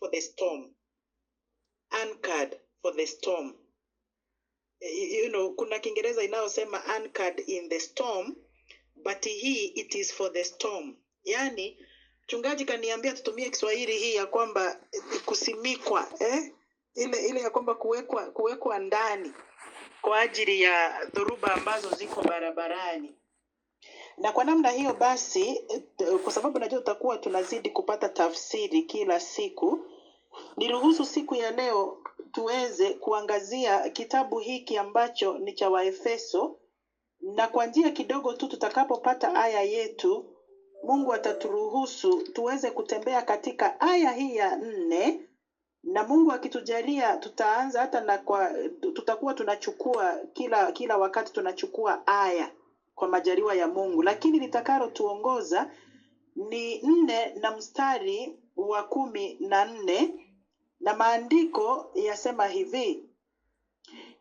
for the storm, anchored for the storm. Eh, you know, kuna Kiingereza inayosema anchored in the storm, but hii it is for the storm. yani chungaji kaniambia tutumie Kiswahili hii ya kwamba eh, kusimikwa eh? ile ile ya kwamba kuwekwa kuwekwa ndani kwa ajili ya dhoruba ambazo ziko barabarani na kwa namna hiyo basi, eh, kwa sababu najua tutakuwa tunazidi kupata tafsiri kila siku, Niruhusu siku ya leo tuweze kuangazia kitabu hiki ambacho ni cha Waefeso, na kwa njia kidogo tu tutakapopata aya yetu, Mungu ataturuhusu tuweze kutembea katika aya hii ya nne, na Mungu akitujalia tutaanza hata na kwa, tutakuwa tunachukua kila kila wakati tunachukua aya kwa majaliwa ya Mungu, lakini litakalotuongoza ni nne na mstari wa kumi na nne na maandiko yasema hivi: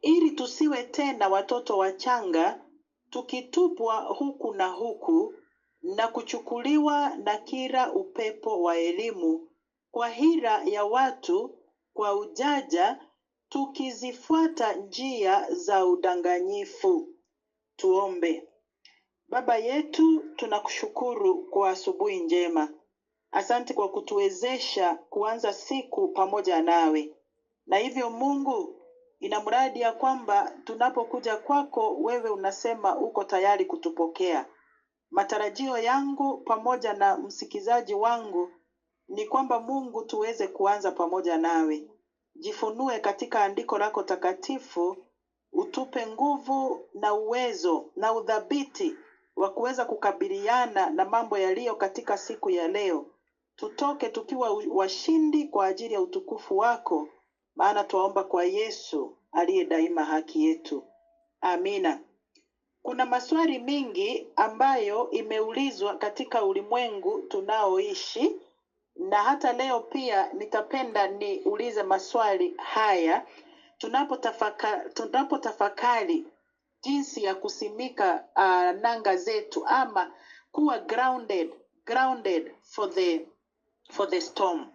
ili tusiwe tena watoto wachanga tukitupwa huku na huku na kuchukuliwa na kila upepo wa elimu, kwa hira ya watu, kwa ujaja tukizifuata njia za udanganyifu. Tuombe. Baba yetu, tunakushukuru kwa asubuhi njema. Asante kwa kutuwezesha kuanza siku pamoja nawe. Na hivyo Mungu, ina mradi ya kwamba tunapokuja kwako wewe unasema uko tayari kutupokea. Matarajio yangu pamoja na msikizaji wangu ni kwamba Mungu tuweze kuanza pamoja nawe. Jifunue katika andiko lako takatifu, utupe nguvu na uwezo na udhabiti wa kuweza kukabiliana na mambo yaliyo katika siku ya leo tutoke tukiwa washindi kwa ajili ya utukufu wako, maana twaomba kwa Yesu aliye daima haki yetu. Amina. Kuna maswali mengi ambayo imeulizwa katika ulimwengu tunaoishi, na hata leo pia nitapenda niulize maswali haya tunapotafakari jinsi ya kusimika uh, nanga zetu ama kuwa grounded, grounded for the for the storm.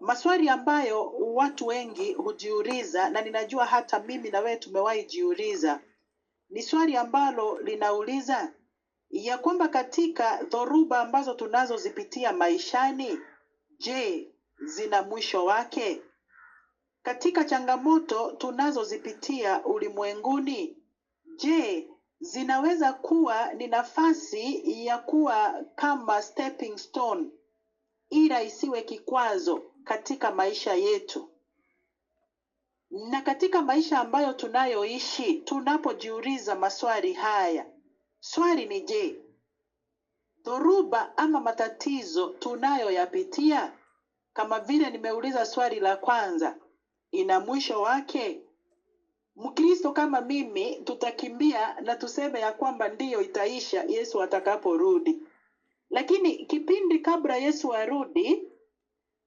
Maswali ambayo watu wengi hujiuliza na ninajua hata mimi na wewe tumewahi jiuliza. Ni swali ambalo linauliza ya kwamba katika dhoruba ambazo tunazozipitia maishani, je, zina mwisho wake? Katika changamoto tunazozipitia ulimwenguni, je, zinaweza kuwa ni nafasi ya kuwa kama stepping stone ila isiwe kikwazo katika maisha yetu na katika maisha ambayo tunayoishi. Tunapojiuliza maswali haya, swali ni je, dhoruba ama matatizo tunayoyapitia kama vile nimeuliza swali la kwanza, ina mwisho wake? Mkristo kama mimi tutakimbia na tuseme ya kwamba ndiyo itaisha Yesu atakaporudi. Lakini kipindi kabla Yesu arudi,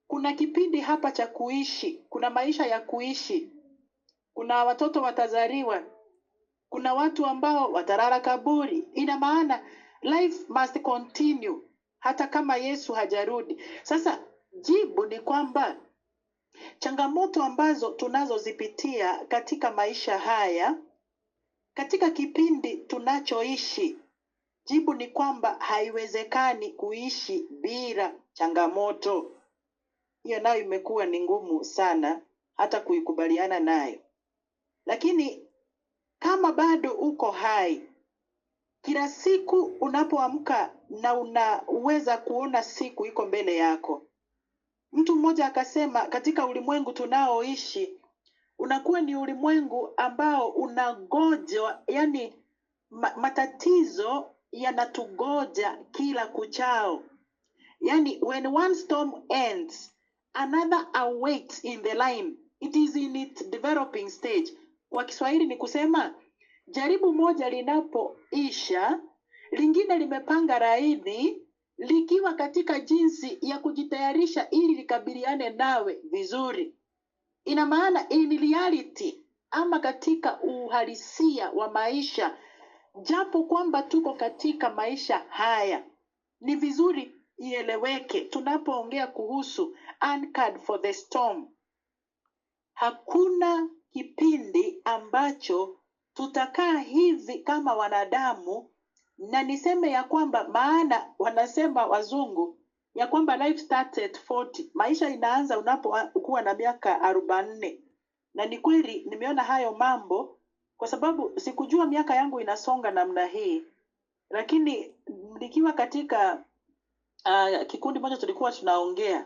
kuna kipindi hapa cha kuishi, kuna maisha ya kuishi, kuna watoto watazaliwa, kuna watu ambao watarara kaburi. Ina maana life must continue hata kama Yesu hajarudi. Sasa jibu ni kwamba changamoto ambazo tunazozipitia katika maisha haya, katika kipindi tunachoishi Jibu ni kwamba haiwezekani kuishi bila changamoto. Hiyo nayo imekuwa ni ngumu sana hata kuikubaliana nayo. Lakini kama bado uko hai, kila siku unapoamka na unaweza kuona siku iko mbele yako. Mtu mmoja akasema, katika ulimwengu tunaoishi unakuwa ni ulimwengu ambao unangojwa, yani matatizo yanatugoja kila kuchao. Yani, when one storm ends another awaits in the line, it is in its developing stage. Kwa Kiswahili ni kusema jaribu moja linapoisha, lingine limepanga raidhi likiwa katika jinsi ya kujitayarisha ili likabiliane nawe vizuri. Ina maana in reality, ama katika uhalisia wa maisha Japo kwamba tuko katika maisha haya, ni vizuri ieleweke tunapoongea kuhusu for the Storm. Hakuna kipindi ambacho tutakaa hivi kama wanadamu, na niseme ya kwamba, maana wanasema wazungu ya kwamba life started 40, maisha inaanza unapokuwa na miaka arobanne na ni kweli nimeona hayo mambo kwa sababu sikujua miaka yangu inasonga namna hii lakini nikiwa katika uh, kikundi moja tulikuwa tunaongea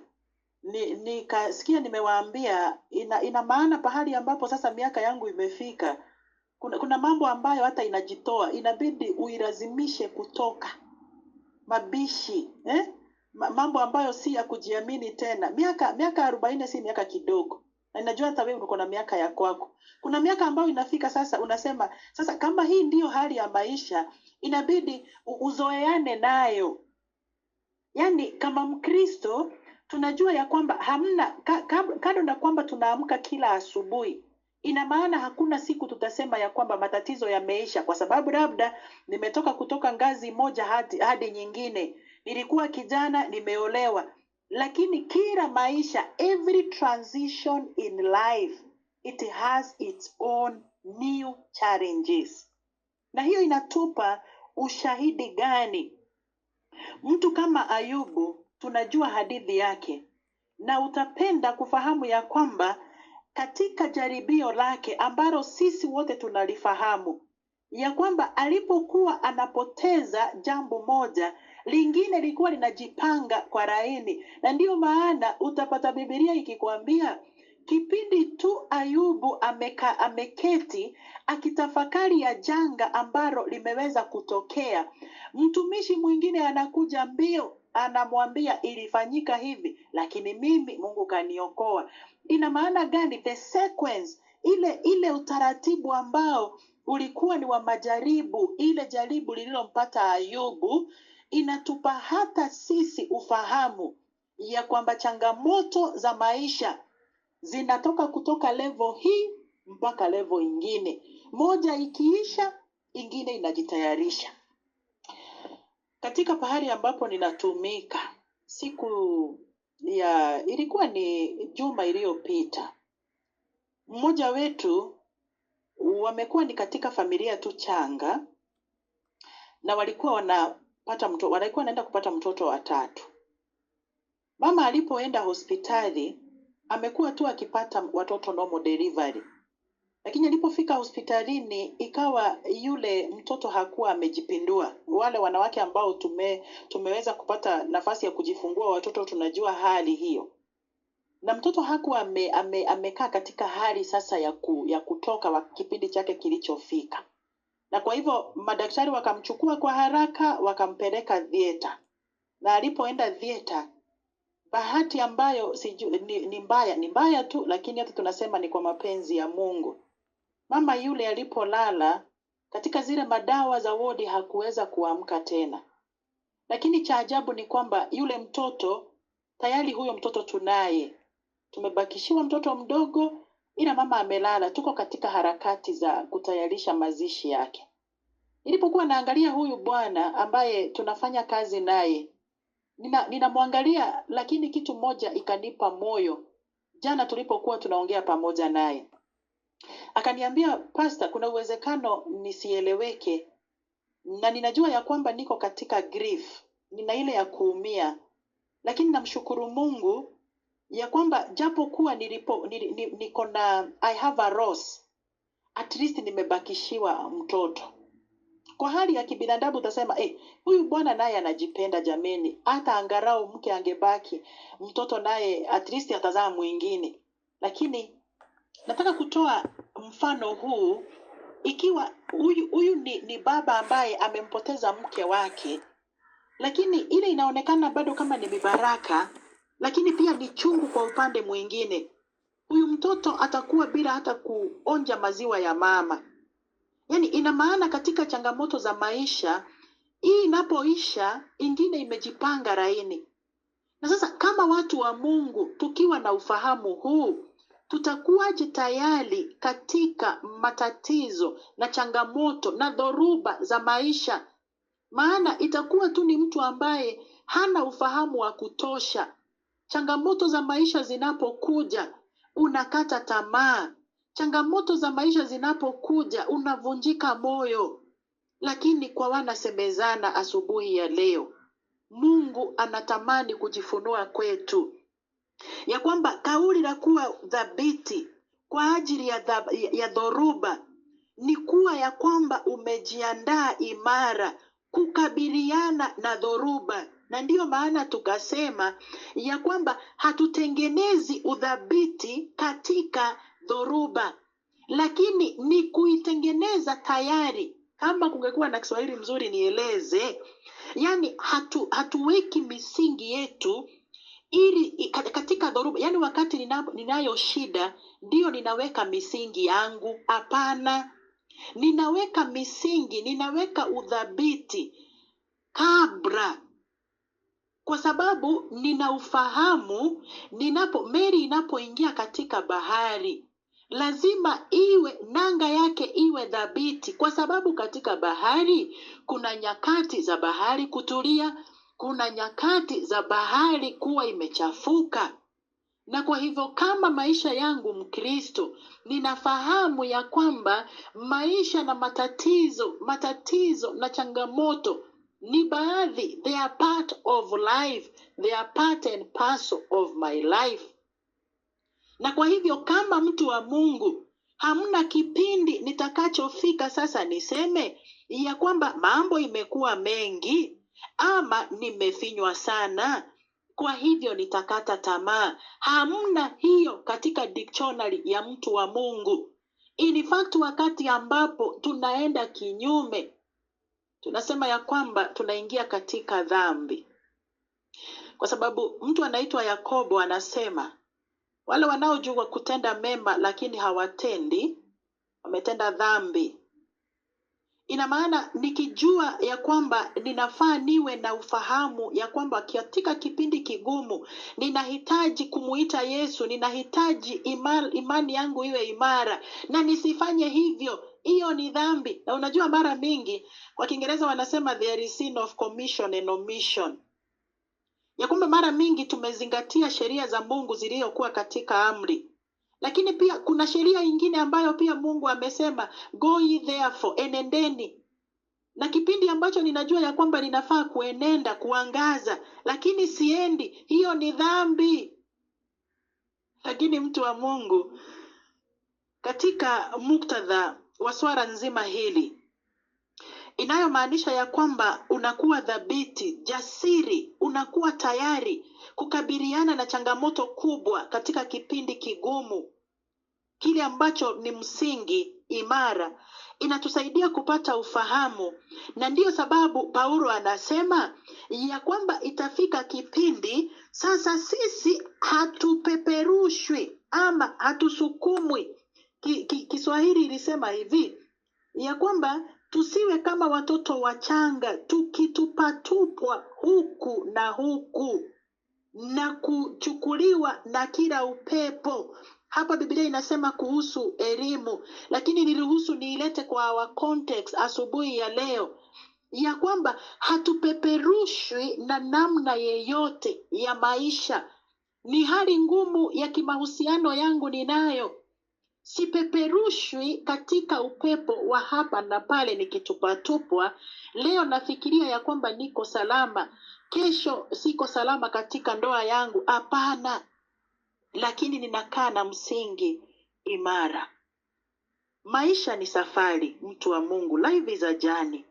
nikasikia ni nimewaambia ina, ina maana pahali ambapo sasa miaka yangu imefika kuna, kuna mambo ambayo hata inajitoa inabidi uilazimishe kutoka mabishi eh? mambo ambayo si ya kujiamini tena miaka miaka arobaini si miaka kidogo na ninajua hata wewe uko na miaka ya kwako. Kuna miaka ambayo inafika sasa, unasema sasa, kama hii ndiyo hali ya maisha, inabidi uzoeane nayo. Yaani kama Mkristo tunajua ya kwamba hamna kado na kwamba tunaamka kila asubuhi ina maana hakuna siku tutasema ya kwamba matatizo yameisha, kwa sababu labda nimetoka kutoka ngazi moja hadi, hadi nyingine. Nilikuwa kijana nimeolewa, lakini kila maisha every transition in life it has its own new challenges na hiyo inatupa ushahidi gani mtu kama ayubu tunajua hadithi yake na utapenda kufahamu ya kwamba katika jaribio lake ambalo sisi wote tunalifahamu ya kwamba alipokuwa anapoteza jambo moja lingine lilikuwa linajipanga kwa laini, na ndiyo maana utapata Biblia ikikwambia kipindi tu Ayubu ameka, ameketi akitafakari ya janga ambalo limeweza kutokea, mtumishi mwingine anakuja mbio anamwambia ilifanyika hivi, lakini mimi Mungu kaniokoa. Ina maana gani? The sequence ile ile, utaratibu ambao ulikuwa ni wa majaribu, ile jaribu lililompata Ayubu inatupa hata sisi ufahamu ya kwamba changamoto za maisha zinatoka kutoka levo hii mpaka levo ingine. Moja ikiisha, ingine inajitayarisha. Katika pahali ambapo ninatumika siku ya ilikuwa ni juma iliyopita, mmoja wetu wamekuwa ni katika familia tu changa na walikuwa wanapata mtoto, walikuwa wanaenda kupata mtoto wa tatu. Mama alipoenda hospitali amekuwa tu akipata watoto normal delivery, lakini alipofika hospitalini ikawa yule mtoto hakuwa amejipindua. Wale wanawake ambao tume, tumeweza kupata nafasi ya kujifungua watoto tunajua hali hiyo na mtoto hakuwa amekaa ame, ame katika hali sasa ya, ku, ya kutoka wa kipindi chake kilichofika, na kwa hivyo madaktari wakamchukua kwa haraka wakampeleka thieta, na alipoenda thieta, bahati ambayo siju, ni, ni mbaya ni mbaya tu, lakini hata tunasema ni kwa mapenzi ya Mungu, mama yule alipolala katika zile madawa za wodi hakuweza kuamka tena, lakini cha ajabu ni kwamba yule mtoto tayari, huyo mtoto tunaye tumebakishiwa mtoto mdogo, ila mama amelala, tuko katika harakati za kutayarisha mazishi yake. Nilipokuwa naangalia huyu bwana ambaye tunafanya kazi naye, nina ninamwangalia, lakini kitu moja ikanipa moyo. Jana tulipokuwa tunaongea pamoja naye, akaniambia pasta, kuna uwezekano nisieleweke, na ninajua ya kwamba niko katika grief, nina ile ya kuumia, lakini namshukuru Mungu ya kwamba japo kuwa nilipo niko na I have a loss, at least nimebakishiwa mtoto. Kwa hali ya kibinadamu utasema eh, huyu bwana naye anajipenda jameni, hata angarau mke angebaki mtoto naye at least atazaa mwingine. Lakini nataka kutoa mfano huu, ikiwa huyu huyu ni, ni baba ambaye amempoteza mke wake, lakini ile inaonekana bado kama ni mibaraka lakini pia ni chungu kwa upande mwingine. Huyu mtoto atakuwa bila hata kuonja maziwa ya mama. Yaani ina maana katika changamoto za maisha hii inapoisha, ingine imejipanga laini. Na sasa kama watu wa Mungu tukiwa na ufahamu huu, tutakuwaje tayari katika matatizo na changamoto na dhoruba za maisha? Maana itakuwa tu ni mtu ambaye hana ufahamu wa kutosha Changamoto za maisha zinapokuja unakata tamaa, changamoto za maisha zinapokuja unavunjika moyo. Lakini kwa wanasemezana asubuhi ya leo, Mungu anatamani kujifunua kwetu ya kwamba kauli la kuwa dhabiti kwa ajili ya, dhab, ya dhoruba ni kuwa ya kwamba umejiandaa imara kukabiliana na dhoruba na ndiyo maana tukasema ya kwamba hatutengenezi udhabiti katika dhoruba lakini ni kuitengeneza tayari kama kungekuwa na kiswahili mzuri nieleze yani hatu, hatuweki misingi yetu ili katika dhoruba yani wakati ninayo shida ndiyo ninaweka misingi yangu hapana ninaweka misingi ninaweka udhabiti kabla kwa sababu ufahamu ninapo meli inapoingia katika bahari lazima iwe nanga yake iwe dhabiti, kwa sababu katika bahari kuna nyakati za bahari kutulia, kuna nyakati za bahari kuwa imechafuka. Na kwa hivyo kama maisha yangu Mkristo, ninafahamu ya kwamba maisha na matatizo, matatizo na changamoto ni baadhi, they are part of life, they are part and parcel of my life. Na kwa hivyo kama mtu wa Mungu hamna kipindi nitakachofika sasa niseme ya kwamba mambo imekuwa mengi ama nimefinywa sana, kwa hivyo nitakata tamaa. Hamna hiyo katika dictionary ya mtu wa Mungu. In fact, wakati ambapo tunaenda kinyume tunasema ya kwamba tunaingia katika dhambi, kwa sababu mtu anaitwa Yakobo anasema wale wanaojua kutenda mema lakini hawatendi wametenda dhambi. Ina maana nikijua ya kwamba ninafaa niwe na ufahamu ya kwamba katika kipindi kigumu ninahitaji kumuita Yesu, ninahitaji imani, imani yangu iwe imara, na nisifanye hivyo hiyo ni dhambi, na unajua mara mingi kwa Kiingereza wanasema there is sin of commission and omission, ya kwamba mara mingi tumezingatia sheria za Mungu zilizokuwa katika amri, lakini pia kuna sheria ingine ambayo pia Mungu amesema go ye therefore, enendeni na kipindi ambacho ninajua ya kwamba ninafaa kuenenda kuangaza, lakini siendi, hiyo ni dhambi. Lakini mtu wa Mungu, katika muktadha wa swala nzima hili inayomaanisha ya kwamba unakuwa dhabiti, jasiri, unakuwa tayari kukabiliana na changamoto kubwa katika kipindi kigumu, kile ambacho ni msingi imara. Inatusaidia kupata ufahamu, na ndiyo sababu Paulo anasema ya kwamba itafika kipindi sasa sisi hatupeperushwi ama hatusukumwi ki, ki, Kiswahili ilisema hivi ya kwamba tusiwe kama watoto wachanga tukitupatupwa huku na huku na kuchukuliwa na kila upepo. Hapa Biblia inasema kuhusu elimu, lakini niruhusu niilete kwa our context asubuhi ya leo ya kwamba hatupeperushwi na namna yeyote ya maisha. Ni hali ngumu ya kimahusiano yangu ninayo sipeperushwi katika upepo wa hapa na pale nikitupatupwa Leo nafikiria ya kwamba niko salama, kesho siko salama katika ndoa yangu. Hapana, lakini ninakaa na msingi imara. Maisha ni safari, mtu wa Mungu, life is a journey.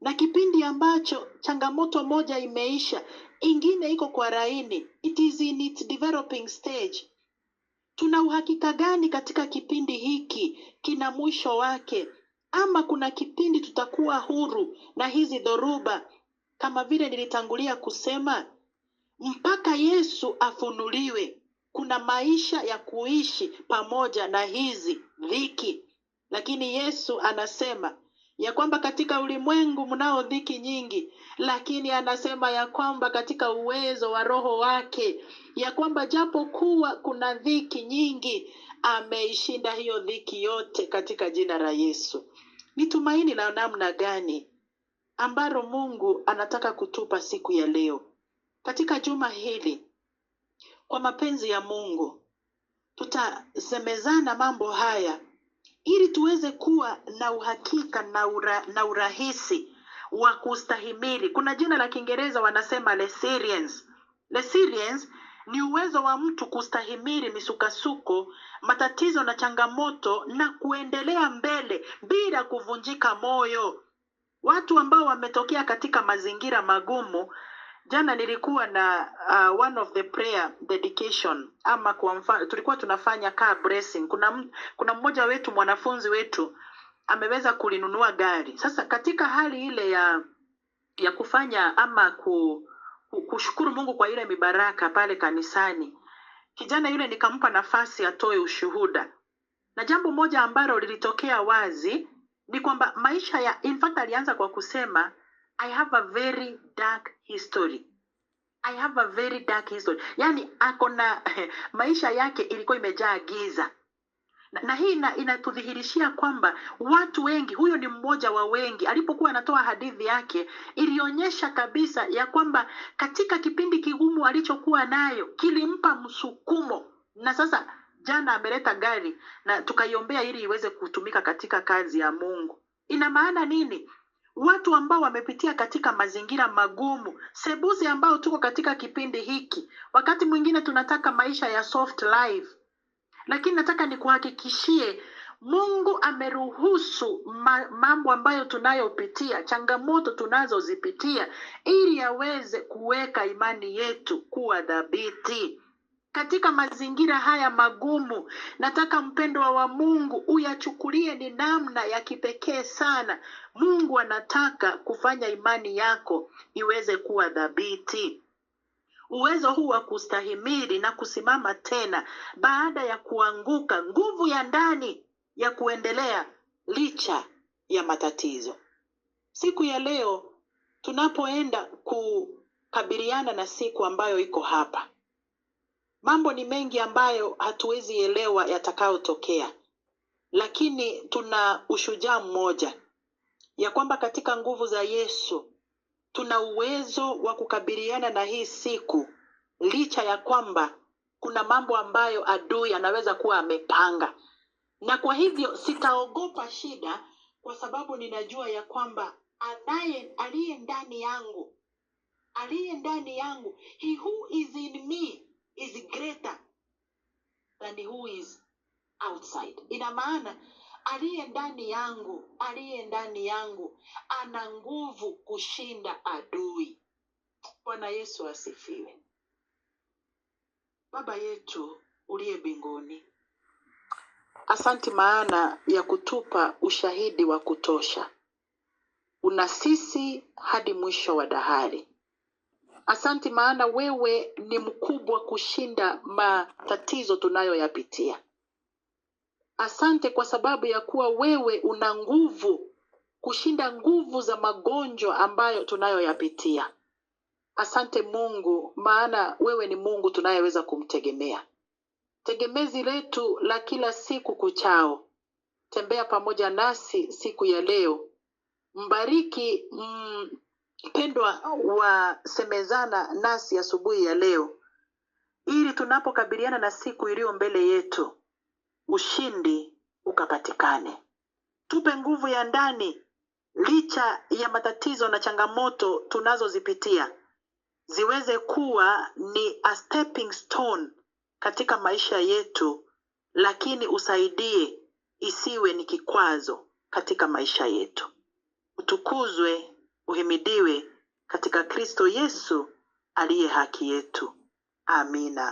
Na kipindi ambacho changamoto moja imeisha, ingine iko kwa raini, it is in its developing stage Tuna uhakika gani katika kipindi hiki kina mwisho wake? Ama kuna kipindi tutakuwa huru na hizi dhoruba? Kama vile nilitangulia kusema, mpaka Yesu afunuliwe, kuna maisha ya kuishi pamoja na hizi dhiki, lakini Yesu anasema ya kwamba katika ulimwengu mnao dhiki nyingi, lakini anasema ya kwamba katika uwezo wa Roho wake, ya kwamba japo kuwa kuna dhiki nyingi, ameishinda hiyo dhiki yote katika jina la Yesu. Ni tumaini la namna gani ambalo Mungu anataka kutupa siku ya leo katika juma hili? Kwa mapenzi ya Mungu tutasemezana mambo haya ili tuweze kuwa na uhakika na, ura, na urahisi wa kustahimili. Kuna jina la Kiingereza wanasema resilience. Resilience ni uwezo wa mtu kustahimili misukasuko, matatizo na changamoto na kuendelea mbele bila kuvunjika moyo. Watu ambao wametokea katika mazingira magumu Jana nilikuwa na uh, one of the prayer dedication ama kwa mfano tulikuwa tunafanya car blessing. Kuna, kuna mmoja wetu mwanafunzi wetu ameweza kulinunua gari. Sasa katika hali ile ya ya kufanya ama ku, ku, kushukuru Mungu kwa ile mibaraka pale kanisani, kijana yule nikampa nafasi atoe ushuhuda, na jambo moja ambalo lilitokea wazi ni kwamba maisha ya in fact, alianza kwa kusema I have a very dark history. I have a very dark history. Yani ako na maisha yake ilikuwa imejaa giza. Na, na hii inatudhihirishia kwamba watu wengi, huyo ni mmoja wa wengi, alipokuwa anatoa hadithi yake ilionyesha kabisa ya kwamba katika kipindi kigumu alichokuwa nayo kilimpa msukumo, na sasa jana ameleta gari na tukaiombea ili iweze kutumika katika kazi ya Mungu. Ina maana nini? watu ambao wamepitia katika mazingira magumu, sebuzi ambao tuko katika kipindi hiki. Wakati mwingine tunataka maisha ya soft life, lakini nataka nikuhakikishie Mungu ameruhusu ma, mambo ambayo tunayopitia, changamoto tunazozipitia, ili aweze kuweka imani yetu kuwa dhabiti. Katika mazingira haya magumu, nataka mpendwa wa Mungu uyachukulie ni namna ya kipekee sana. Mungu anataka kufanya imani yako iweze kuwa dhabiti. Uwezo huu wa kustahimili na kusimama tena baada ya kuanguka, nguvu ya ndani ya kuendelea licha ya matatizo. Siku ya leo tunapoenda kukabiliana na siku ambayo iko hapa Mambo ni mengi ambayo hatuwezi elewa yatakayotokea, lakini tuna ushujaa mmoja ya kwamba katika nguvu za Yesu tuna uwezo wa kukabiliana na hii siku, licha ya kwamba kuna mambo ambayo adui anaweza kuwa amepanga, na kwa hivyo sitaogopa shida, kwa sababu ninajua ya kwamba anaye aliye ndani yangu aliye ndani yangu, he who is in me is greater than who is outside ina maana aliye ndani yangu aliye ndani yangu ana nguvu kushinda adui bwana yesu asifiwe baba yetu uliye mbinguni asanti maana ya kutupa ushahidi wa kutosha una sisi hadi mwisho wa dahari Asante maana wewe ni mkubwa kushinda matatizo tunayoyapitia. Asante kwa sababu ya kuwa wewe una nguvu kushinda nguvu za magonjwa ambayo tunayoyapitia. Asante Mungu, maana wewe ni Mungu tunayeweza kumtegemea. Tegemezi letu la kila siku kuchao. Tembea pamoja nasi siku ya leo. Mbariki mm, pendwa wa Semezana nasi asubuhi ya, ya leo ili tunapokabiliana na siku iliyo mbele yetu ushindi ukapatikane. Tupe nguvu ya ndani licha ya matatizo na changamoto tunazozipitia ziweze kuwa ni a stepping stone katika maisha yetu, lakini usaidie isiwe ni kikwazo katika maisha yetu. Utukuzwe Uhimidiwe katika Kristo Yesu aliye haki yetu. Amina.